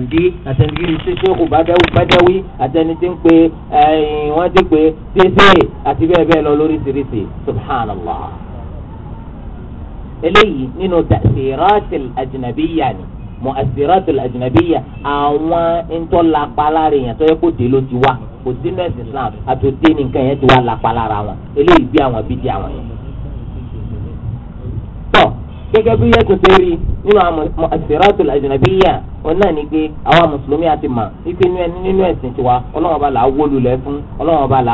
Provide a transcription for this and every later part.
bàǹdí àtẹni tí ń ṣe ṣéèkù bàdáwí àtẹni tí ń pe wọ́n ti pe tẹ́sẹ̀ àti bẹ́ẹ̀ bẹ́ẹ̀ lọ lóríṣiríṣi subhanallah. eléyìí nínú tàṣírọ́tìl àjìnàbíyà ni mọ̀àṣírọ́tìl àjìnàbíyà àwọn ntọ́lápalára èèyàn tó yẹ kó dé ló ti wá kò sínú ẹ̀sìn Islam àtòdé nìkan yẹn ti wá lápalára wọn eléyìí bí àwọn bíi di àwọn yẹn gẹ́gẹ́ bí yẹ kò ṣe nínú àwọn mọ̀àṣírọ́tìl àjìnàbíyà òun náà ni pé àwa mùsùlùmí àti mà wípé nínú ẹ̀sìn tiwa ọlọ́run ọba là á wó lulẹ̀ fún ọlọ́run ọba là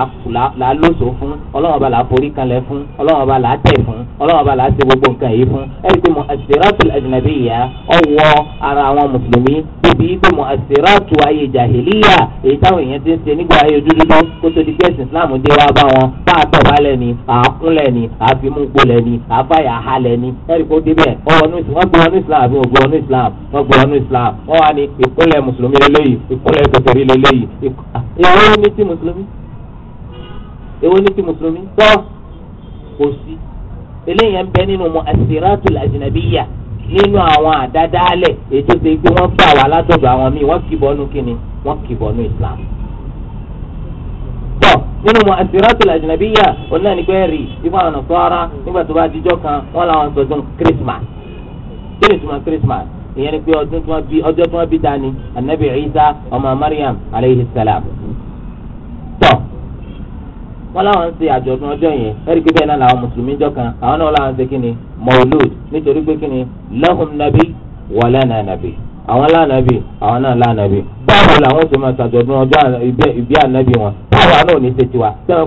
á lóso fún ọlọ́run ọba là á forí kanlẹ̀ fún ọlọ́run ọba là á tẹ̀ fún ọlọ́run ọba là á ṣe gbogbo nǹkan yìí fún ẹ̀rí pé mu'assiratu al-ajnabiyya ọwọ́ ara àwọn mùsùlùmí bíbí pé mu'assiratu ayé jahiliya èyí táwọn èèyàn ti ń ṣe nígbà ayé dúdúdú kó tó di pé ẹ̀sìn islam dé wá bá wọn ni àákúnlẹ̀ ni àfimúgbolẹ̀ ni àfàyàhalẹ̀ ni ẹ̀rí kó débẹ̀ ọwọ́ nù islam wọ́n islam àbí wọ́n islam wọ́n gbọ́ islam wọ́n wá ní ìkúnlẹ̀ mùsùlùmí lélẹ́yìí ìkúnlẹ̀ kèfèrí lélẹ́yìí ah, èwo ní ti mùsùlùmí èwo ní ti mùsùlùmí tọ́ kò sí eléyìí ń bẹ nínú mu asiratul ajnabiyya nínú àwọn àdádálẹ̀ ètò ṣe pé wọ́n fà wá látọ̀dọ̀ àwọn míì wọ́n kìbọnú kíni wọ́n kìbọnú Islam nínú mu asiratul ajnabiyya òun náà ní pẹ́ rí ibà ọ̀nà sọ́ra nígbà tó bá dijọ́ kan wọ́n làwọn sọ̀tún Christmas ìyẹn ni pé ọdún tí wọ́n bí ọjọ́ tí wọ́n bí dání anabi isa ọmọ mariam aleyhi salam. tọ́ wọ́n láwọn ń ṣe àjọ̀dún ọjọ́ yẹn ẹ̀rí pé bẹ́ẹ̀ náà làwọn mùsùlùmí jọ kan àwọn náà láwọn ṣe kí ni nítorí pé kí ni lahum nabi wa lana nabi àwọn lánàbì àwọn náà lánàbì báwo làwọn ṣe máa ṣàjọ̀dún ọjọ́ ìbí ànábì wọn báwo àwọn náà ò ní ṣe tiwa sẹ́wọ̀n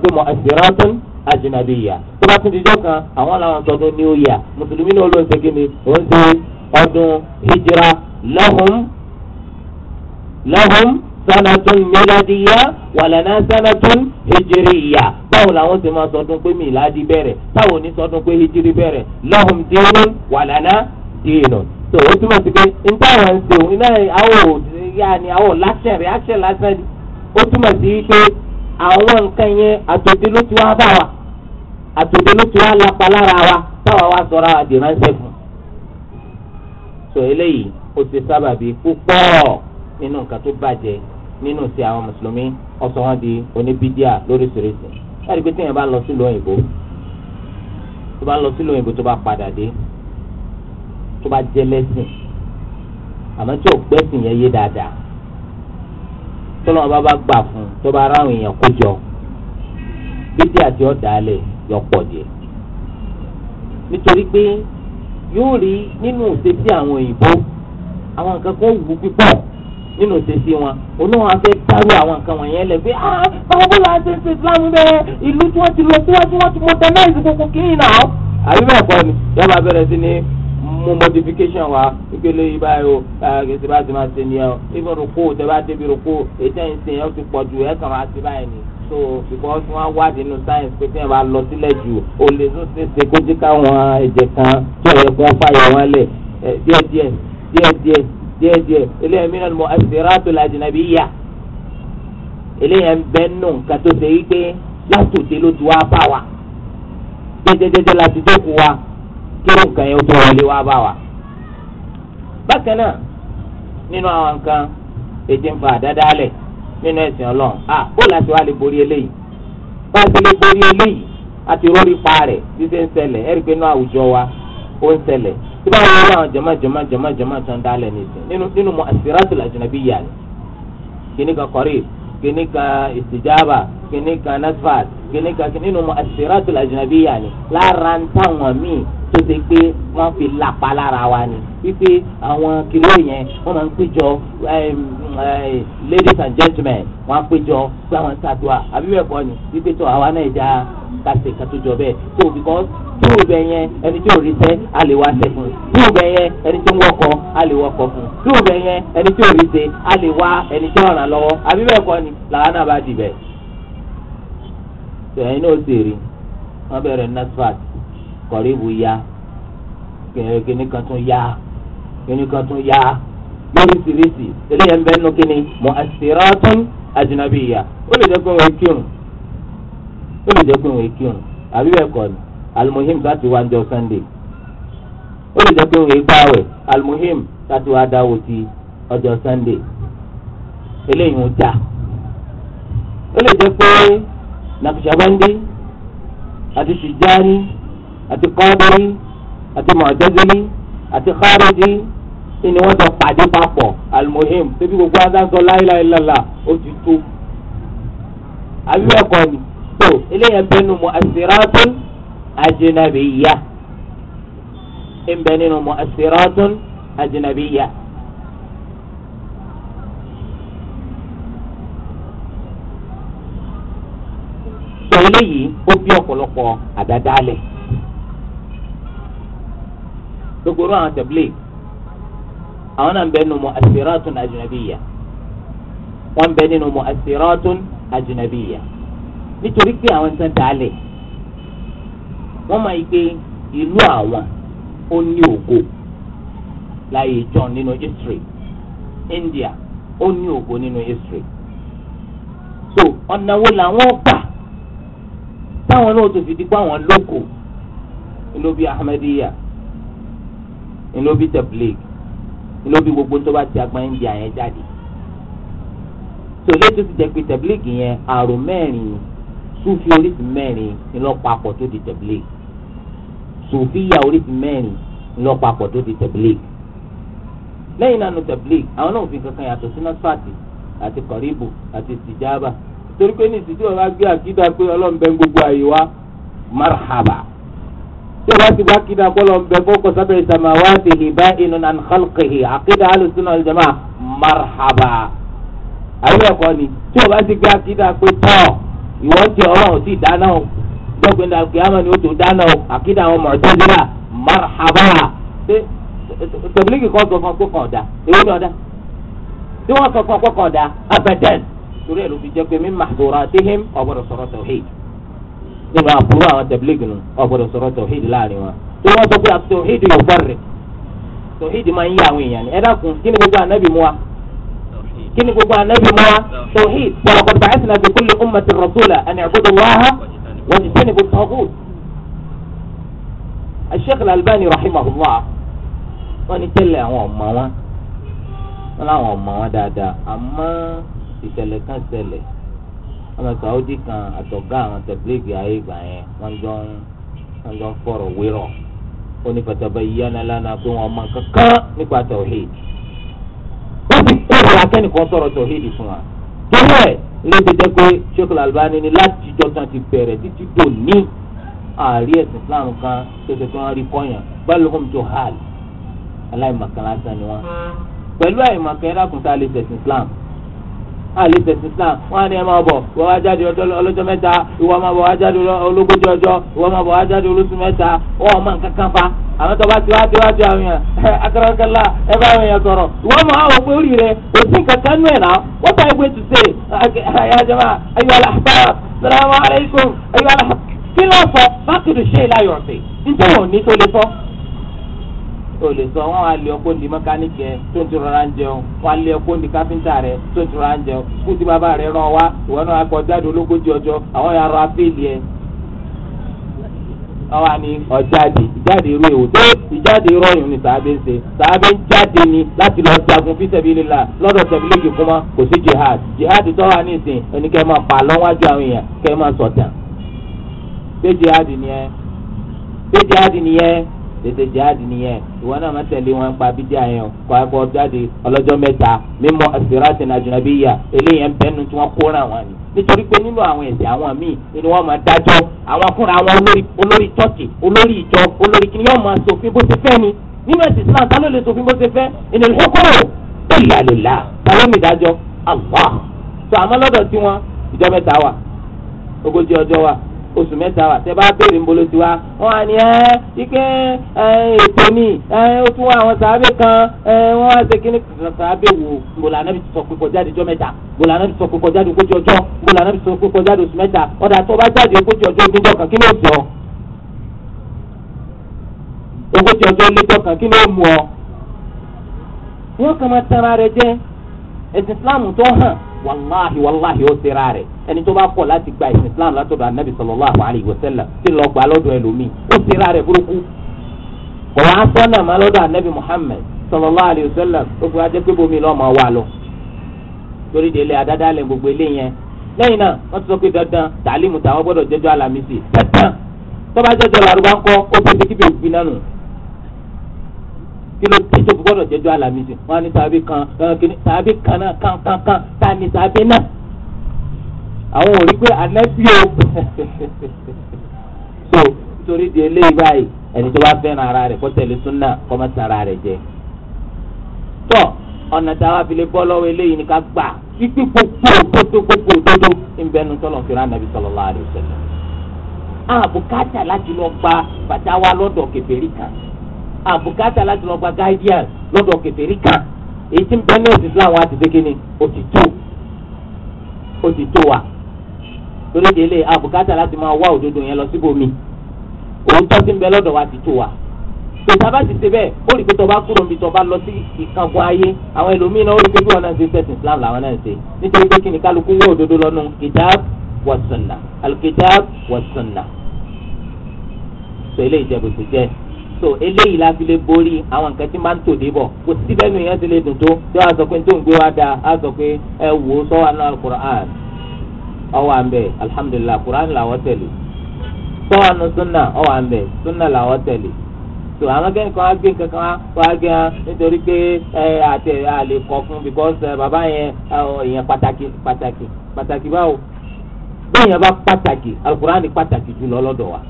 pé mọ̀ ọdún hijira lọ́hụm, lahum sanatun miladiya walana sanatun hijiriya báwo làwọn ti máa sọdún pé miladi bẹ̀rẹ̀ táwọn ní sọdún hijiri bẹ̀rẹ̀ lahum dinun walana dinun so o túmọ̀ sí pé n ń ṣe yaani àwọ̀ láṣẹ rẹ̀ àṣẹ o túmọ̀ sí pé àwọn nǹkan yẹn wa lápá lára sọ eléyìí ó ti sábàbí púpọ̀ nínú nǹkan tó bàjẹ́ nínú ti àwọn mùsùlùmí ọ̀sán wọn di oníbídíà lóríṣiríṣi láti pé téèyàn bá lọ sílùú òyìnbó tó bá lọ sílùú òyìnbó tó bá padà dé tó bá jẹ́ lẹ́sìn àmọ́ tí ò gbẹ́sìn yẹn yé dáadáa tọ́lọ́mọ bá bá gbà fún tó bá ráwọn èèyàn kó jọ bídíà tí ó dálẹ̀ yọ pọ̀ díẹ̀ nítorí pé yóò rí nínú ìṣesí àwọn òyìnbó àwọn nǹkan kan wù púpọ̀ nínú ìṣesí wọn olóhùn afẹ́ dárú àwọn nǹkan wọ̀nyẹn lẹ̀ pé ah báwo bó la ṣe ń ṣe Islam bẹ́ẹ̀ ìlú tí wọ́n ti lọ síwájú wọ́n ti modernize gbogbo kìíní náà àbí bẹ́ẹ̀ kọ́ ni yọba bẹ̀rẹ̀ sí ni mú modification wa ìpele yìí báyìí o kìsì bá ti máa ṣe nìyẹn o ibi rúkú tẹ bá débi rúkú ètò ìsìn yẹn ó ti pọ̀ ju ẹ̀ kàn máa ṣe báyìí ni so because wọ́n wádìí nínú science pé tí wọ́n bá lọ sílẹ̀ jù ó lè tó ṣeéṣe kó jẹ́ káwọn ẹ̀jẹ̀ kan tó yẹ kó fàyà wọn lẹ̀ díẹ̀díẹ̀ díẹ̀díẹ̀ díẹ̀díẹ̀ eléyà mìíràn mọ àṣìṣeràtò làjìnàbí yà eléyà ń bẹ́ nù nǹkan tó ṣe yí pé látòdé ló ti wá bá wa jẹjẹjẹjẹ láti dẹ́kun wa kí ló ń kàn yẹn ó tó wọlé wá bá wa. bákan náà nínú àwọn nǹkan ètè ń fa àdádálẹ̀ nínú ẹ̀sìn ọlọ́run à ó láti wá lè borí eléyìí bá a ti lè borí eléyìí a ti rọrí pa rẹ̀ bí ṣe ń ṣẹlẹ̀ ẹ̀rí pé inú àwùjọ wa ó ń ṣẹlẹ̀ tí bá wọn rí àwọn jama jama jama jama tó ń dálẹ̀ nìsín nínú nínú mu'assiratul ajnabiyya ni kìnnìkan kọ́rí kini kan ìsìjáàbà kini kan nasfat kini kan kìnnì nu asiratul ajnabiyya ni lára ń táwọn míì tó ṣe pé wọ́n fi làpá lára wa ni wípé àwọn kìlọ̀ yẹn wọ́n máa ń péjọ ladies and gentlemen wọ́n á péjọ pé àwọn ń ṣàdúrà àbí bẹ́ẹ̀ kọ́ ni wípé tó àwa náà já kàṣe kàtó bẹ́ẹ̀ tó because túwò bẹ̀ yẹn ẹni tí ò rí sẹ́ a lè wá sẹ́ fún un túwò bẹ̀ yẹn ẹni tí ń wọkọ̀ a lè fún túwò bẹ̀ yẹn ẹni tí ò rí sẹ́ a ẹni tí ó ràn lọ́wọ́ àbí bẹ́ẹ̀ kọ́ ni làwọn náà bá dì bẹ́ẹ̀. sọ ẹni ó sì rí wọn bẹ̀rẹ̀ nasfat kọ̀ríbù ya kìnìún kan tún ya kìnìún kan tún ya lóríṣiríṣi eléyà ń bẹ nínú kíni mọ àṣìṣirọ́tún àjùnàbíyà ó lè jẹ́ pé wọ́n kírun ó lè jẹ́ pé wọ́n kírun àbí bẹ́ẹ̀ kọ́ ni almuhim láti wá jọ sunday ó lè jẹ́ pé òun èépa rẹ̀ almuhim láti wá dáwọ́ ti ọjọ́ sunday eléyìí ń jà ó lè jẹ́ pé nàkùsàbándé àti tìjáni àti kọ́dọ́rí àti mọ̀jẹ́dẹ́lí àti kárọ́dí ni wọ́n jọ pàdé papọ̀ almuhim débi gbogbo adáńsọ láìláìláìlá ó ti tó àbí ẹ̀kọ́ ni tó eléyìí ẹ̀bẹ̀ nu mọ̀ àṣírátún. أجنبية إن بنين مؤثرات أجنبية eléyìí ó bí ọ̀pọ̀lọpọ̀ àdádálẹ̀ gbogbo orú àwọn tẹ̀blé àwọn náà ń bẹ nínú mu'assiratun ajnabiyya wọ́n ń bẹ nínú mu'assiratun ajnabiyya nítorí pé àwọn ń tán dálẹ̀ wọ́n máa gbé ìlú àwọn ó ní ògo láyé john nínú history India ó ní ògo nínú history so ọ̀nà wo làwọn gbà táwọn náà tó fi di pé àwọn lóko ńlọbi Ahmadiyya ńlọbi tablig ńlọbi gbogbo tó bá ti agbọn India yẹn jáde so létò ti jẹ́ pé tablig yẹn àrò mẹ́rin sufi oríṣi mẹ́rin ńlọpapọ̀ tó di tablig sòfíà oríṣi mẹ́rin lọ papọ̀ tó ti tẹ̀blík lẹ́yìn náà nu tẹ̀blík àwọn náà òfin kankan yàtọ̀ sí nọ́sfàtì àti kọ̀ríbù àti tìjábà torí pé ní ìsìtì ọba gbé àkídà pé ọlọ́run bẹ gbogbo àyè wa marhaba tí ọba ti bá àkídà pé ọlọ́run bẹ fọ́kọ̀ sábẹ́ ìsàmà wá ti hì bá inú nà nkálkìhì àkídà alùsùnà ìjàmà marhaba àwọn ẹ̀kọ́ ni tí ọba ti gbé àkídà pé tọ́ ìwọ́n ti ọlọ́run gbogbo ní alukiyama ni o tó dáná o àkídà àwọn mọ̀tẹ́lẹ́lá marhaba tẹ̀bílíkì kan sọ fún akókò ọ̀dà èyí ni ọ̀dà tí wọ́n sọ fún akókò ọ̀dà abadan torí ẹ̀ ló fi jẹ́ pé mi màdúrà tihim ọ̀gbọ́dọ̀ sọ̀rọ̀ tawhid nínú àbúrò àwọn tẹ̀bílíkì nù ọ̀gbọ́dọ̀ sọ̀rọ̀ tawhid láàrin wọn tí wọ́n sọ pé tawhid yóò fọ́rẹ̀ tawhid máa ń yí àwọn èèyàn ni ẹ dákun kí ni gbogbo ànábì mú wa kí ni gbogbo ànábì mú wa tawhid wa laqad ba'athna واجتنبوا الطاغوت الشيخ الألباني رحمه الله wọ́n ní tẹ́lẹ̀ àwọn ọ̀mọ́ wọn wọ́n láwọn ọ̀mọ́ wọn dáadáa àmọ́ ìṣẹ̀lẹ̀ kan ṣẹlẹ̀ ọmọ Saudi kan àtọ̀gá àwọn tẹ̀blígì ayé ìgbà yẹn wọ́n jọ ń wọ́n jọ ń fọ̀rọ̀ wérọ̀ ó ní pàtàkì yíyáná lánàá pé wọ́n mọ kankan nípa tọ̀hídì wọ́n ti kó ìrora kẹ́nìkan sọ̀rọ̀ tọ̀hídì fún wa ilé tó jẹ́ pé Sheikh Al-Albani ni láti jọ tán ti bẹ̀rẹ̀ títí dò ní ààrí ẹ̀sìn Islam kan tó ṣe kí wọ́n rí kọ́yàn balùwọ̀n tó hàl aláìmọ̀kan lásán ni wọ́n. pẹ̀lú àìmọ̀kan ẹ̀dá kùn tá a lè ṣẹ̀sìn Islam àlè tẹ̀sí islam wọ́n á ní ẹ máa bọ̀ ìwọ wá jáde ọlọ́jọ́ mẹ́ta ìwọ máa bọ̀ wá jáde ológójì ọjọ́ ìwọ máa bọ̀ wá jáde olóṣù mẹ́ta wọ́n ọmọ nǹkan kan fa àwọn tó bá ti wá ti wá ti àwọn yẹn eh, akarakala ẹ bá àwọn yẹn sọ̀rọ̀ ìwọ máa wọ pé orí rẹ òsì kankan nù ẹ̀ náà wọ́n bá ẹgbẹ́ tù sè ayájọ́mà ayọ̀ alahbab salamu alaykum ayọ̀ alahbab kí ló sọ bákìrì ṣe é láyọ̀ ọ̀sẹ̀ nítorí òní tó le sọ o lè sọ wọn wá lé ọkọ di mẹkáníkì ẹ tó ń ti rọra ń jẹun wọn lé ọkọ di káfíńtà rẹ tó ń ti rọra ń jẹun kú tí bàbá rẹ rán wa ìwọ náà kọ jáde ológójì ọjọ́ àwọn yàrá apéèlì ẹ. àwa ni ọ̀jáde ìjáde irú èwò tó ìjáde irú ọ̀yùn ni sàábé ń ṣe sàábé ń jáde ni láti lọ jagun fi sabilillah lọ́dọ̀ tẹ̀bílẹ́kì fún wa kò sí jihad jihad tó wà ní ìsìn oníkẹ́ máa pa lọ́wọ́jú àwọn èèyàn kẹ́ máa sọ̀tàn. ṣé jihad nìyẹn ṣé jihad nìyẹn tètè jáde nìyẹn ìwọ náà má tẹ̀lé wọn pa bídíà yẹn o kọ́ akọ jáde ọlọ́jọ́ mẹ́ta mímọ asirati nàjùnàbíyà eléyìí ń bẹ́nu tí wọ́n kóra wọn ni nítorí pé nínú àwọn ẹ̀sìn àwọn míì ni wọ́n máa dájọ́ àwọn fúnra àwọn olórí olórí tọ́kì olórí ìjọ olórí kìnìún yóò máa ṣòfin bó ṣe fẹ́ ni nínú ẹ̀sìn Islam ta ló lè ṣòfin bó ṣe fẹ́ ìnìyàn kókòrò ìlà lòlá ta ló mi dájọ́ Allah tó àmọ́ lọ́dọ̀ tiwọn ìjọ mẹ́ta wà ogójì ọjọ́ wà oṣù mẹ́ta wà tẹ́ bá béèrè ńbolo tiwa wọn àní ẹ ike ètò ni ó tún wá àwọn sàábẹ̀ kan wọn á ṣe kíní sàábẹ̀ wò ńbolo anábì sọ pé kọjáde ọjọ́ mẹ́ta ńbolo anábì sọ pé kọjáde ogójì ọjọ́ ńbolo anábì sọ pé kọjáde oṣù mẹ́ta ọ̀dà tó bá jáde ogójì ọjọ́ ogójì ọkàn kí ló sọ ogójì ọjọ́ ogójì ọkàn kí ló mú ọ. wọ́n kàn máa tẹ́ra rẹ jẹ́ ẹ̀sìn wàláhi wàláhi ó sera rẹ̀ ẹni tó bá kọ̀ láti gba ìsìn islam látọ̀dọ̀ anabi sallallahu alayhi wa sallam tí lọ gbà lọ́dọ̀ ẹlòmíì ó sera rẹ̀ burúkú ọ̀rọ̀ asọ́nà má lọ́dọ̀ anabi muhammed sallallahu alayhi wa sallam ó fi wájẹ́ pé bomi lọ́ọ́ máa wà lọ. torí délé adáda lẹ gbogbo ilé yẹn lẹ́yìn náà wọ́n ti sọ pé dandan tàlímù tàwọn gbọ́dọ̀ jẹ́jọ́ alamisi dandan tó bá jẹ́jọ́ làrúbá ó fi kí ló dé tó gbọ́dọ̀ jẹ́jọ́ alamisi wọn á ní sàbí kan kìíní sàbí kan náà kan kan kan tá a ní sàbí náà àwọn ò rí pé anẹ́bí o so nítorí di eléyìí báyìí ẹni tó bá fẹ́ràn ara rẹ̀ kó tẹ̀lé súnà kó má sara rẹ̀ jẹ tọ́ ọ̀nà táwa fi lè bọ́ lọ́wọ́ eléyìí ni ká gbà kíkí gbogbo òkótó gbogbo òdodo ìbẹnu tọ́lọ̀ fìrà nàbí sallallahu alaihi wasallam àbùkátà láti lọ gba bàtà wa lọ́dọ̀ kèfèrí kan àbùkátà láti lọ gba guidance lọ́dọ̀ kèfèrí kan èyí tí ń bẹ ní òsì islam wa ti dé kí ni òtítọ́ òtítọ́ wa torí délé àbùkátà láti máa wá òdodo yẹn lọ síbòmí òótọ́ tí ń bẹ lọ́dọ̀ wa ti tó wa tòtá bá ti ṣe bẹ́ẹ̀ ó rí i pé tọba kúrò níbi tọba lọ sí ìkangun ayé àwọn ẹlòmíín náà ó rí i pé bí wọn náà ṣe ṣẹ̀sìn islam làwọn náà ṣe nítorí pé kí ni kálukú wọ òdodo lọ́nu kìjáàb wa sunnah alkijáàb wa sunnah. sọ ilé ìjẹ́bù ti jẹ́ so eléyìí la fi lè borí àwọn nǹkan tí máa ń tò dé bọ̀ kò sí bẹ́ẹ̀ nu yẹn ti lè dùn tó tí wọ́n á sọ pé tó ń gbé wá da á sọ pé ẹ wò ó sọ́wọ́ àná alukur'an ọwọ́ àmbẹ̀ alihamudulilayi kur'an làwọn tẹ̀lé sọ́wọ́ àná sunna ọwọ́ àmbẹ̀ sunna làwọn tẹ̀lé so àwọn akẹ́kọ̀ọ́ kan á gbé nǹkan kan wá gbé hàn nítorí pé ẹ àti àlè kọ fún because bàbá yẹn èèyàn pàtàkì pàtàkì pàtàkì báwo bí èèyàn bá pàtàkì alukur'an ni pàtàkì jù lọ lọ́dọ̀ wa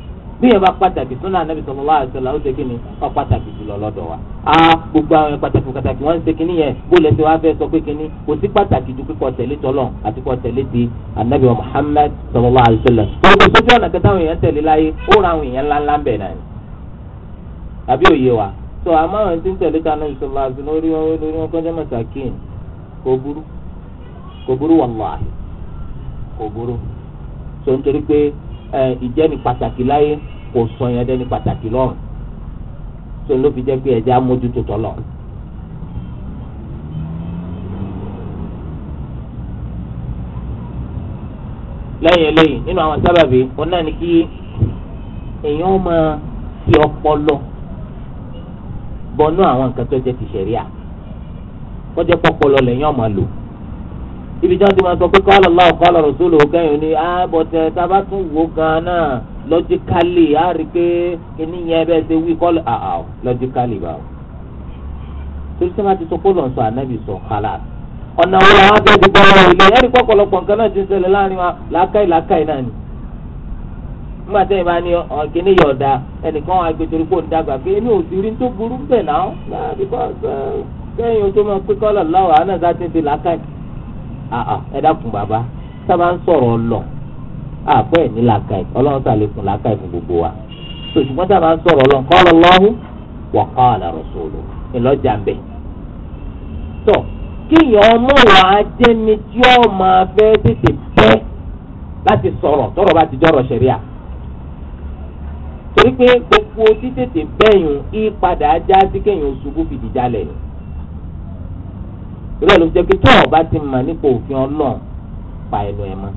bí yẹn bá pàtàkì súnà nàbì sallallahu alaihi wasallam ó ṣe kí ni wọ́n pàtàkì jùlọ lọ́dọ̀ wa. a gbogbo àwọn pàtàkì pàtàkì wọ́n ń ṣe kínní yẹn bó lẹ́sẹ̀ wá fẹ́ sọ pé kínní kò sí pàtàkì ju kíkọ́ tẹ̀lé tọ́lọ̀ àti kọ́ tẹ̀lé ti anabi wa Muhammad sallallahu alaihi wasallam. wọ́n ti sọ́jọ́ ọ̀nà kẹta àwọn èèyàn tẹ̀lé láyé ó ra àwọn èèyàn ńláńlá ń bẹ̀ náà ni. àbí òye wa sọ àmọ́ àwọn tí ń tẹ̀lé ta anabi sallallahu alaihi wasallam lórí wọn lórí wọn kọjá masakin kò burú kò burú wallahi kò burú sọ nítorí pé ìjẹ́ni pàtàkì láyé kò sọ yẹn dẹ́ni pàtàkì lọ́rùn tó ló fi jẹ́ pé ẹ̀jẹ̀ amójútó tọ́lọ̀. lẹ́yìn eléyìí nínú àwọn sábàbí wọn náà ní kí èèyàn máa fi ọpọlọ bọnú àwọn nǹkan tó jẹ́ ti ṣẹ̀ríà kọjá pọpọlọ lẹ́yìn ọmọ lò ibi tí wọ́n ti máa sọ pé qala Allahu qala rasulu kẹ́yìn ni àbọ̀tẹ̀ ah, eh, tábà tún wò gan náà lọ́jíkálì á rí i pé kíní yẹn bẹ́ẹ̀ ṣe wí kọ́lọ̀ àà lọ́jíkálì báwo. torí sábà ti sọ pé lọ́nṣọ ànábì sọ kálá ọ̀nà wo làwọn akẹ́kọ̀ọ́ ti gbọ́ ọ̀rọ̀ ilé ẹ̀rí pọ̀pọ̀lọpọ̀ nǹkan náà ti ṣẹlẹ̀ láàrin wa làákàyè làákàyè náà ni nígbà tẹ́yìn bá ní ọ̀gẹ́ni yọ̀ọ̀dà ẹnìkan wà gbé torí pé òun dàgbà pé èmi ò sì rí tó burú bẹ̀ náà kẹ́yìn o tó máa Ah, ah, ẹ dákun bàbá sábà ń sọ̀rọ̀ ọlọ àpọ ẹ ní làákàyè Ọlọ́run sàlékún làákàyè fún gbogbo wa ṣùgbọ́n sábà ń sọ̀rọ̀ ọlọ qala Allahu wa qala rasuluhu ńlọjà ń bẹ. tọ kéèyàn ọmọ wa jẹni tí ó máa fẹ́ tètè pẹ́ láti sọ̀rọ̀ tọ́rọ̀ bá ti jọ̀rọ̀ ṣẹ̀ríà torí pé gbogbo títètè bẹ́yùn ìpadà ajá sí kéèyàn ṣubú fìdí jálẹ̀ ni ìrẹ́ ló jẹ́ pé tó ọ̀ bá ti mọ̀ nípa òfin ọlọ́run pa ẹnu ẹ̀ mọ́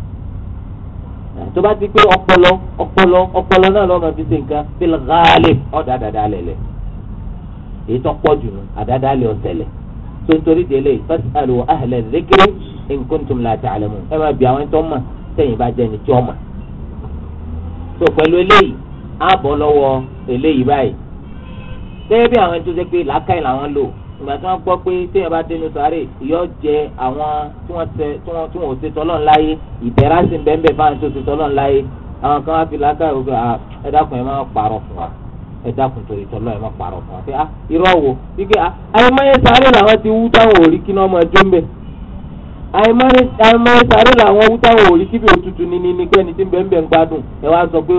tó bá ti pé ọpọlọ ọpọlọ ọpọlọ náà lọ́mọ fi ṣe nǹkan fílẹ̀ gáálè ọ̀dà àdàdà lẹ̀lẹ̀ èyí tó pọ̀ jù nù àdàdà lẹ̀ ọ̀tẹ̀lẹ̀ tó nítorí délé fasalu ahla dhikri in kuntum la ta'lamun ẹ máa bí àwọn tó mọ̀ sẹ́yìn bá jẹ́ ni tí ó mọ̀ tó pẹ̀lú eléyìí ààbọ̀ lọ́wọ́ eléyìí báyìí gẹ́gẹ́ bí àwọn tó jẹ́ pé làákàyè làwọn lò ìgbà tí wọ́n gbọ́ pé téèyàn bá dénú sáré yọ jẹ àwọn tí wọ́n tẹ tí wọ́n tí wọ́n ò ṣe tọ́lọ́ ńláyé ìbẹ̀rẹ̀ àti bẹ́ẹ̀nbẹ́ fáwọn tó ṣe tọ́lọ́ ńláyé àwọn kan wá fi lákàrọ̀ pé ẹ dákun ẹ máa pààrọ̀ fún wa ẹ dákun torí tọ́lọ́ ẹ máa pààrọ̀ fún wa pé ah irọ́ wo wípé àìmọye sáré làwọn ti wú táwọn ò rí kí náà máa dún bẹ́ẹ̀ àìmọye sáré làwọn wú táwọn ò rí kíbi òtútù ní ní ní kẹ́ni tí bẹ́ẹ̀ ń gbádùn ẹ wá sọ pé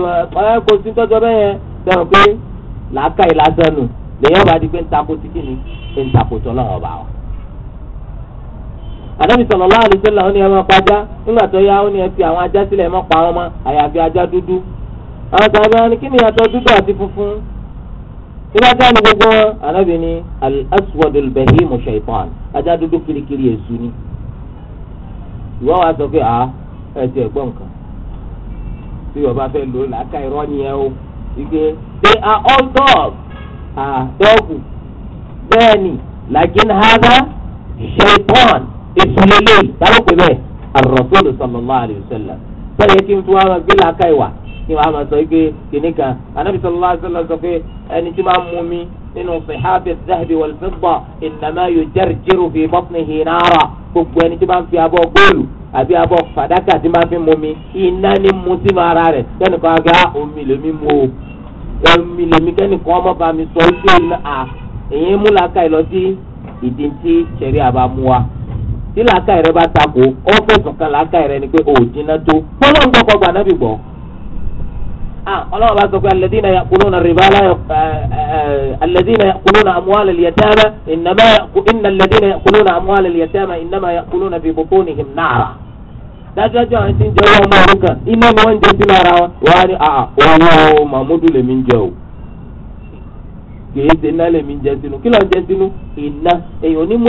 ẹ kò sí tọ́jọ́ bẹ́ẹ̀ yẹn dẹ̀rùn pé làákàyè lásán nù lèyìn ọba di pé ń takò tí kìíní pé ń takò tó lọ́wọ́ ọba wa. ànábì sallallahu alaihi wasallam ó ní ẹ pàjá nígbà tó yá ó ní ẹ àwọn ajá sílẹ̀ mọ́ pa wọn àyàfi ajá dúdú. àwọn sàbẹ̀ wọn ni kí ni ìyàtọ̀ dúdú àti funfun. nígbà tí wọn gbogbo wọn ànábì ni al-aswadul bahimu shaytan ajá dúdú kirikiri èṣù ni. ìwọ wa sọ pé à ẹ ti ẹ̀gbọ́n nǹkan tí yorùbá fẹ́ lò lákàá irọ́ they are all dogs àtọ́kù ah, bẹ́ẹ̀ ni lakin hadha shaitan ìsúlélẹ̀ tálókè bẹ́ẹ̀ ar-rasul sallallahu alayhi wa sallam sọ̀rọ̀ yẹ kí n tún wá gbé làákà ìwà kí wàá máa sọ pé kìnnì kan anabi sallallahu alayhi wa sallam sọ pé ẹni tí máa mú mi nínú sèhábì zahabi wal fidda innama yujarjiru fi batnihi nara gbogbo ẹni tí máa ń fi abọ́ góòlù àbí abọ́ fàdákà tí máa fi mú mi iná ní sí ẹrù mi lèmi kẹ́nìkan ọmọ bá mi sọ wípé à èyí mú làákà yìí lọ sí ìdí tí sẹ̀rí àbá mú wa tí làákà yìí rẹ bá takò ó fẹ̀sùn kan làákà yìí rẹ ni pé ò jiná tó gbọ́dọ̀ ń gbọ́kọ̀ gbà nábì gbọ́. ọlọ́run bá sọ pé alladhina ya'kuluna riba la alladhina ya'kuluna amwala al-yatama innama innal ladhina ya'kuluna amwala al-yatama innama ya'kuluna fi butunihim nara. dájúdájú àwọn tí ń jẹ́ owó ọmọ òrukàn iná ni wọ́n ń jẹ sí lára wọn wọ́n á ní owó mahmudu lèmi ń jẹ o kìí iná lèmi ń jẹ sínú kí ló ń jẹ sínú iná èyàn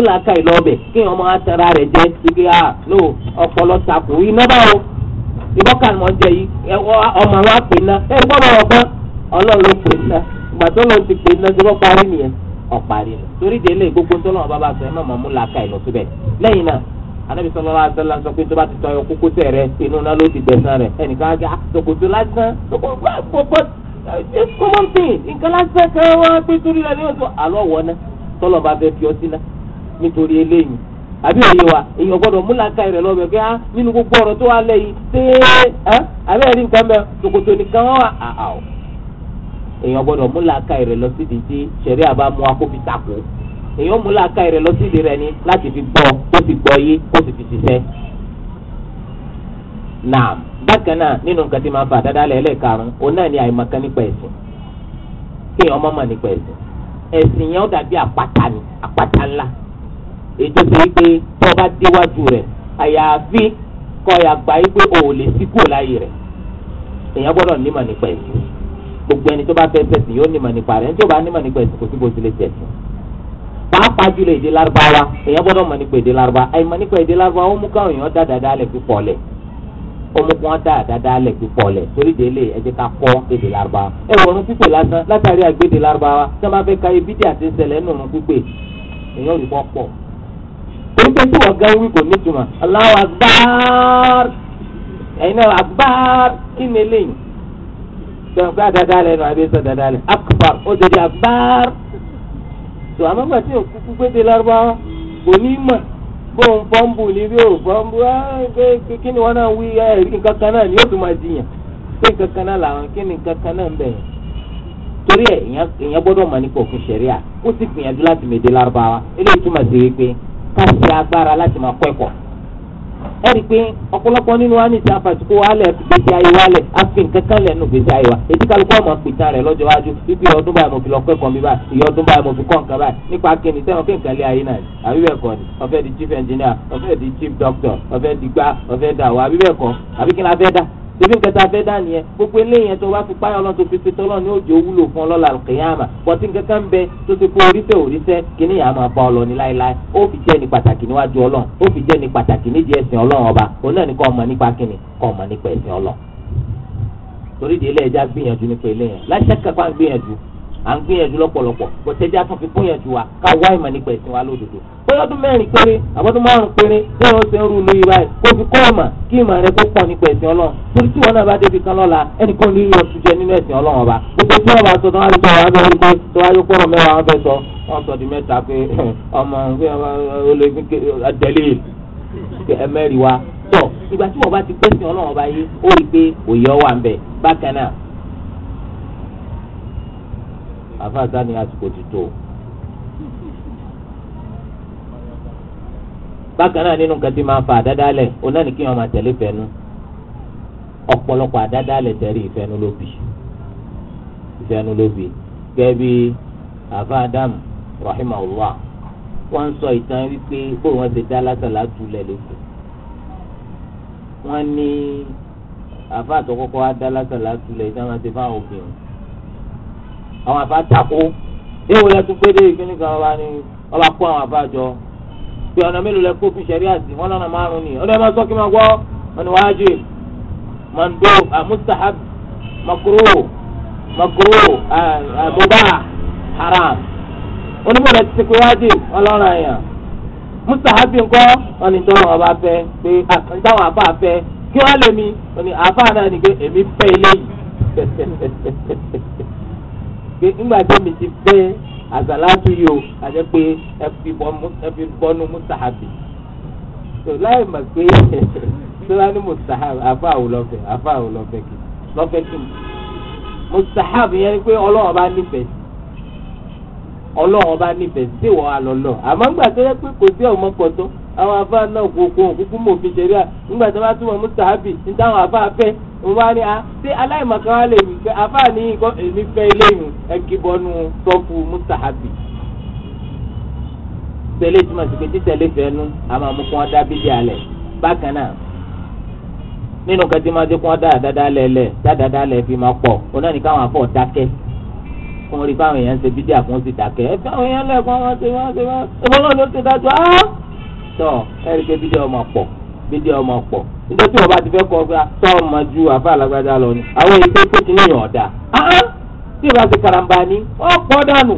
kí jẹ no ọpọlọ iná báwo jẹ yìí ọmọ wa pè iná ẹ ọ̀gbọ́n ọlọ́run ló pè iná ìgbà tó lọ ti pè iná tó parí anabi sọlọ wa sọlọ sọ pé tó bá ti tọyọ kókó tẹ rẹ inú náà ló ti gbẹ̀san rẹ ẹnìkan á gbé àtòkòtò ah, lásán tòkòtò àpòpọ̀ it's common thing nǹkan lásán kan wá pé torí rẹ ní oṣù àlọ́ wọ̀ ná tọ́lọ̀ bá fẹ́ fi ọtí ná nítorí eléyìí àbí òye wa èèyàn gbọ́dọ̀ múlaka rẹ lọ bẹ pé á ah, nínú gbogbo ọ̀rọ̀ tó wà lẹ́yìn ṣé ẹ abẹ́ nǹkan bẹ tòkòtò nìkan wọ́n wà àà ah, èèyàn gbọ́dọ̀ múlaka rẹ lọ sídìí tí sẹ̀rí àbá mu akófitako èèyàn mú làákàyè rẹ̀ lọ sí ìdí rẹ̀ ni láti fi gbọ́ ó sì gbọ́ yé ó sì fi ṣiṣẹ́. nà bákan náà nínú nǹkan tí máa fà dáadáa lẹ́ẹ̀lẹ́ karùn-ún òun náà ni àìmọ̀kan nípa ẹ̀sìn kéèyàn ọmọ nípa ẹ̀sìn ẹ̀sìn yẹn ó dàbí àpáta ni àpáta ńlá ètò ti rí pé tó bá déwájú rẹ̀ àyàfi kọ́ ya gbà yí pé o ò lè sí kúrò láyé rẹ̀ èèyàn gbọ́dọ̀ nímọ̀ nípa ẹ̀sìn gbogbo ẹni tó bá fẹ́ fẹ́sìn yóò nímọ̀ nípa rẹ̀ ẹni tó bá nímọ̀ nípa ẹ̀sìn kò sí bó tilẹ̀ pàápàá jùlọ èdè lárúbáwá èèyàn gbọ́dọ̀ mọ̀ nípa èdè lárúbáwá àyè mọ̀ nípa èdè lárúbáwá ó mú káwọn èèyàn dá dáadáa lẹ̀ pípọ̀ lẹ̀ ó mú kí wọ́n dá dáadáa lẹ̀ pípọ̀ lẹ̀ torí délé ẹ ká kọ́ èdè lárúbáwá ẹ wọ̀run pípé lásán látàrí àgbédè lárúbáwá tí wọ́n bá fẹ́ ka ibi tí àti ṣẹlẹ̀ nù ọ̀run pípé èèyàn rí pọ̀ oríṣi tí wọ́n gan wí kò ní ìtumọ̀ Allahu Akbar tó àmọ́gbà tí òkúkú de lárúbáwá kò ní mọ̀ bóun pọ́ǹbù ní bí òun pọ́ǹbù ẹ́ kí ni wọ́n náà wí ẹ̀rí nǹkan kan náà ni yóò tún máa jiyàn pé nǹkan kan náà làwọn kí ni nǹkan kan náà ń bẹ̀ yẹn torí ẹ̀ èèyàn gbọ́dọ̀ mọ̀ nípa òfin ṣẹ̀ríà ó sì gbìyànjú láti mèdè lárúbáwá eléyìí túmọ̀ sí wípé ká ṣe agbára láti máa kọ́ ẹ̀kọ́ ẹ i pé ọ̀pọ̀lọpọ̀ nínú wa ní ti àfàtúkọ wálẹ̀ gbèsè ayé wálẹ̀ àfin kankan lẹ́nu gbèsè ayé wa èyí kálukú ọmọ pìtàn rẹ̀ lọ́jọ́ wájú bíbí ọdún báyìí mo fi lọ kẹ́kọ̀ọ́ mi báyìí ìyá ọdún báyìí mo fi kọ́ nǹkan báyìí nípa kíni sẹ́wọ̀n kí nǹkan lé ayé náà àbí bẹ́ẹ̀ ni ó di chief engineer ó di chief doctor ó fẹ́ di gbá ó fẹ́ dà wá àbí fẹ́ dá ṣebí nǹkan tá a fẹ́ dà nìyẹn gbogbo eléyẹn tó bá fi páyọ̀ lọ́n tó fi ṣe tọ́lọ́ ní òjò wúlò fún ọ lọ́la kìyàmà pọ̀tí nǹkan kan bẹ tó ti kó oríṣẹ́ oríṣẹ́ kíní yàrá máa bá ọ lọ ní láéláé ó fi jẹ́ ní pàtàkì níwájú ọlọ́run ó fi jẹ́ ní pàtàkì nídìí ẹ̀sìn ọlọ́run ọba òun náà ní kọ́ ọmọ nípa kíni kọ́ ọmọ nípa ẹ̀sìn ọlọ́run torí ìdílé ẹja gbìyànjú nípa eléyẹn láṣẹ kẹfà gbìyànjú à ń gbìyànjú lọ́pọ̀lọpọ̀ kò tẹ́jà tún fi kúnyànjú wa ká wá ìmọ̀ nípa ẹ̀sìn wa lódodo pé ọdún mẹ́rin péré àbọ̀dún márùn péré bí wọ́n ṣe ń ru lórí báyìí kó fi kọ́ ọ̀mà kí ìmọ̀ rẹ kó pọ̀ nípa ẹ̀sìn ọlọ́run torí tí wọn náà bá débi kan lọ́la ẹnìkan ní yóò tún jẹ nínú ẹ̀sìn ọlọ́run ọba gbogbo tí wọ́n bá sọ tó wá lóko àwọn abẹ́rẹ́ pé tó wá yókò ọ̀rọ̀ mẹ́wàá wọn fẹ́ sọ wọn sọ di mẹ́ta pé ọmọ olè ẹmẹ́rìí wa tọ̀ ìgbà tí wọ́n bá ti pèsè ọlọ́run rí pé òye ọ àfáàsá ni àsìkò ti tó. bákan náà nínú nǹkan tí máa ń fa àdádálẹ̀ òun náà ní kí wọ́n máa tẹ̀lé fẹ́nu ọ̀pọ̀lọpọ̀ àdádálẹ̀ tẹ̀lé ìfẹ́nu ló bì ìfẹ́nu ló bì gẹ́gẹ́ bí àfa adamu rahimahullah wọ́n sọ ìtàn wípé bó wọ́n ti dá lásàlá tulẹ̀ lókun wọ́n ní àfa àtọkọ́kọ́ á lásàlá tulẹ̀ ìtàn wọn ti fáwọn obìnrin àwọn àfa takò ní ìwòlẹ́ tó gbé dé ìkíní kan ọba ni ọba kó àwọn àfa jọ pé ọ̀nà mélòó lẹ kó fi ṣẹ̀rí àti wọn lọ́nà márùn ni ọ̀dọ́ ẹ máa sọ kí máa gbọ́ ọ̀nà wájú mando mustahab makruh makruh mubah haram onímọ̀lẹ́ ti pé wájú ọlọ́run àyàn mustahab ńkọ́ ọ̀nà ìtọ́rọ̀ ọba fẹ́ pé àtàwọn àfa fẹ́ kí wọ́n lè mi ọ̀nà àfa náà ni pé èmi fẹ́ ilé yìí pé nígbà tí mi ti fẹ́ àsàlátù yìí o àti pé ẹ fi bọ́nu mùsàhàbì tó láì mọ̀ pé sọlánì mùsàhàbì àfa àwòlọ́fẹ̀ àfa àwòlọ́fẹ̀ kì lọ́fẹ̀ tì mí mùsàhàbì yẹn ni pé ọlọ́run bá nífẹ̀ẹ́ ọlọ́run bá nífẹ̀ẹ́ sí ìwọ alọ́lọ́ àmọ́ ńgbà tó yẹ pé kò sí ọmọ pọ̀ tó àwọn afa náà kò kò kúkú mọ̀ òfin ṣẹ̀ríà nígbà tí wọ́n bá túmọ̀ mustahabi ní táwọn afa fẹ́ wọ́n bá ní a ṣé aláìmọ̀kan wa lè wí pé afa ní èmi fẹ́ eléyìí ẹ kí bọ́nu sọ́ọ̀fù mustahabi. tẹ̀lé túmọ̀ sí pé títẹ̀lé fẹ́ nu a máa mú kí wọ́n dá bíbí alẹ̀ bákan náà nínú kẹtí máa dé kí wọ́n dá dáadáa lẹ̀ lẹ̀ dáadáa lẹ̀ fi máa pọ̀ òun náà ní káwọn afọ dákẹ́ kò rí báwọn èèyàn ń ṣe bídíà fún sí dákẹ́ ẹ fẹ́ àwọn èèyàn lẹ̀ kó wọ́n ṣe wọ́n ṣe wọ́n ṣe wọ́n lọ́ọ́ ló ṣe dájú áá tọ́ ẹ̀rí pé bídíà ọmọ pọ̀ bídíà ọmọ pọ̀ nítorí tí wọ́n bá ti fẹ́ kọ́ fẹ́ tọ́ ọmọ ju àfa alágbádá lọ ni àwọn èyí tó kó ti níyàn ọ̀dà tí ìbá ti karamba ni wọ́n pọ̀ dànù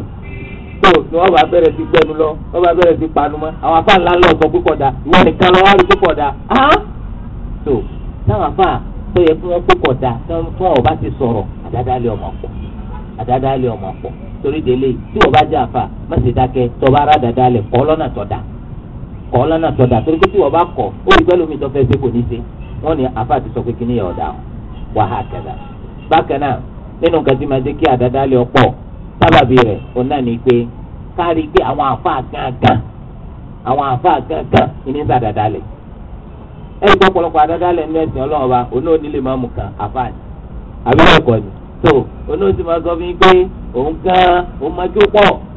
tó ni wọ́n bá bẹ̀rẹ̀ sí gbẹnu lọ wọ́n bá bẹ̀rẹ̀ sí panu mọ́ àwọn afa ńlá lọ sọ púpọ̀ dà ìwọ nìkan lọ wá rí púpọ̀ dà tó táwọn afa tó yẹ kí wọ́n púpọ̀ dà tí wọ́n bá ti sọ̀rọ̀ àdádálẹ̀ ọmọ pọ̀ àdádálẹ̀ ọmọ pọ̀ torí délé tí wọ́n bá jẹ́ àfa má ṣe dákẹ́ tọ́ bá rà àdádálẹ̀ kọ́ lọ́nà tọ́ da. kọ́ lọ́nà tó dà torí pé tí wọ́n bá kọ̀ ó rí pẹ́lú mi tó fẹ́ ṣe kò ní ṣe afa ti sọ pé kí ni yà ọ̀dà wàhálà bákan náà nínú tí máa jẹ́ kí àdáda lè ọ̀pọ̀ sábàbí rẹ̀ òun náà ni pé kárí pé àwọn afa gángan àwọn gángan ìní lẹ̀ gbọ́ pọ̀lọpọ̀ òun náà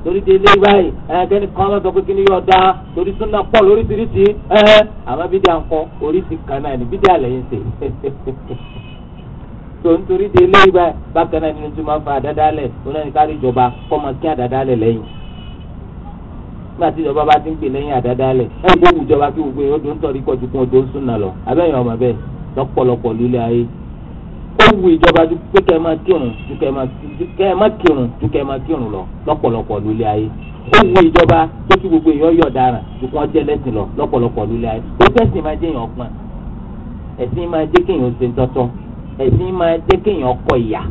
torí de ilé báyìí ẹnikẹ́ni kan máa sọ pé kí ni yóò da torí súnà pọ̀ lóríṣiríṣi ẹ̀hẹ́ àmọ́ bídíà ń kọ́ oríṣi kan náà ni bídíà lẹ́yìn ṣe tó ń torí de ilé báyìí bákan náà nínú tí máa ń fa àdádálẹ̀ onáníkárí ìjọba kọ́ máa kí àdádálẹ̀ lẹ́yìn nígbà tí ìjọba bá ti ń gbè lẹ́yìn àdádálẹ̀ ẹ̀ gbóhùn ìjọba kí gbogbo yẹn ó dún tọ́rí kọ́ ju kún odò ń súnà lọ abẹ́yẹn ọmọ bẹ́ẹ̀ lọ́pọ̀lọpọ̀ lílé ó wu ìjọba pé kẹ́ ẹ máa kírun ju kẹ́ ẹ máa kírun ju kẹ́ ẹ máa kírun lọ lọ́pọ̀lọpọ̀ lólé ayé ó wu ìjọba pé kí gbogbo èèyàn yọ̀ dára ju kí wọ́n jẹ́ lẹ́sìn lọ lọ́pọ̀lọpọ̀ lólé ayé ó tẹ̀sìn máa jẹ́ èèyàn pọ́n ẹ̀sìn máa jẹ́ kéèyàn ṣe tọ́tọ́ ẹ̀sìn máa jẹ́ kéèyàn kọ ìyà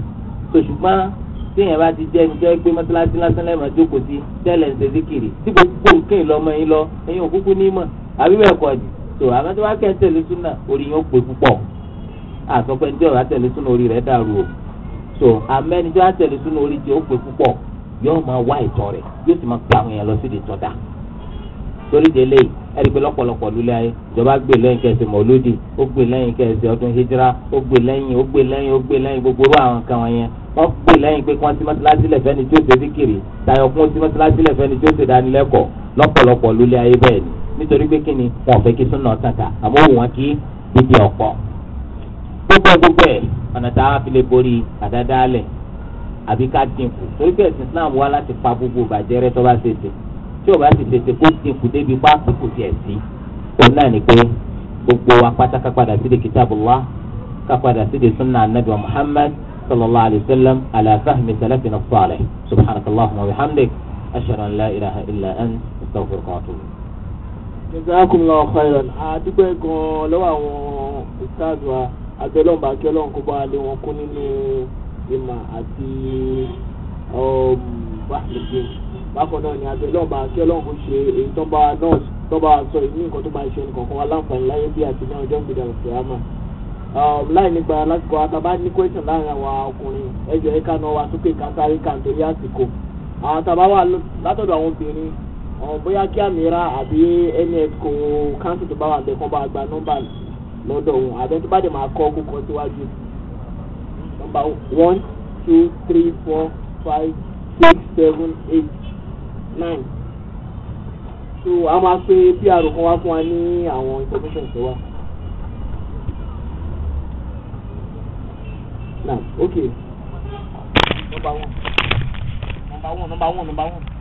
tó ṣùgbọ́n téèyàn bá ti jẹ́ níjọ́ pé mọ́tíláṣí lásán máa jókòó àsọpẹ́ ní ọ̀rá tẹ̀lé súnú orí rẹ̀ dàrú o so amẹ́ni tí wọ́n á tẹ̀lé súnú orí tí ó pè púpọ̀ yóò máa wá ìtọ́ rẹ̀ yóò sì máa pa àwọn èèyàn lọ sí ìdí tọ́da torí délé ẹni pé lọ́pọ̀lọpọ̀ lulẹ̀ ayé ìjọba gbé lẹ́yìn kẹsì mọ̀lódì ó gbé lẹ́yìn kẹsì ọdún hijira ó gbé lẹ́yìn ó gbé lẹ́yìn ó gbé lẹ́yìn gbogbo orú àwọn kan wọ̀nyẹn wọ́n gbé lẹ́yìn pé wọ́n ti mọ́tíláṣí lẹ̀fẹ́ ni tí ó ṣe síkìrì tayọ̀ fún ti mọ́tíláṣí lẹ̀fẹ́ ni tí ó ṣe dánilẹ́kọ̀ọ́ lọ́pọ̀lọpọ̀ lulẹ̀ ayé bẹ́ẹ̀ ni nítorí pé kíni wọn ò fẹ́ kí súnà tàkà àmọ́ òun wọn kí bíbí ọ̀pọ̀ gbogbo gbogbo ẹ̀ ọ̀nà tá a fi lè borí àdádálẹ̀ àbí ká dínkù torí pé ẹ̀sìn Islam wá láti pa gbogbo bàjẹ́ rẹ tó bá ṣe ṣe tí ò bá sì ṣe ṣe kó dínkù débi bá kókò tiẹ̀ sí òun náà ni pé gbogbo wa pátá ká padà sí de kitabullah ká padà sí de sunna anabi wa Muhammad sallallahu alayhi wa sallam ala fahmi salafina salih subhanakallahumma wa bihamdik ashhadu an la ilaha illa ant astaghfiruka wa atubu jazakumullahu khairan àdúgbò gan lọ́wọ́ àwọn ìsáàdùà àtọ́lọ́mùbá kí ọlọ́run kó bá lé wọn kó nínú ìmọ̀ àti um, báyìí bákan náà ni àtọ́lọ́mùbá kí ọlọ́run kó ṣe èyí tó bá náà tó bá sọ ìní nǹkan tó bá ṣe nǹkan wa láǹfààní láyé bí àti ní ọjọ́ ìgbìdà òkè àmà um, láì nígbà lásìkò àtàbá ní kwẹ́sàn láàrin àwọn ọkùnrin ẹjọ́ ẹ̀ka náà wà sókè kásáré kàǹtórí àsìkò àtàbá wà látọ̀dọ̀ àwọn obìnrin um, bóyá kí àmì lọ́dọ̀ wọn àbẹ́ tó bá dẹ̀ máa kọ́ kókó síwájú nọ́mbà one two three four five six seven eight nine so a máa pé pr kan wá fún wa ní àwọn information tó wà. now okay number one number one number one number one.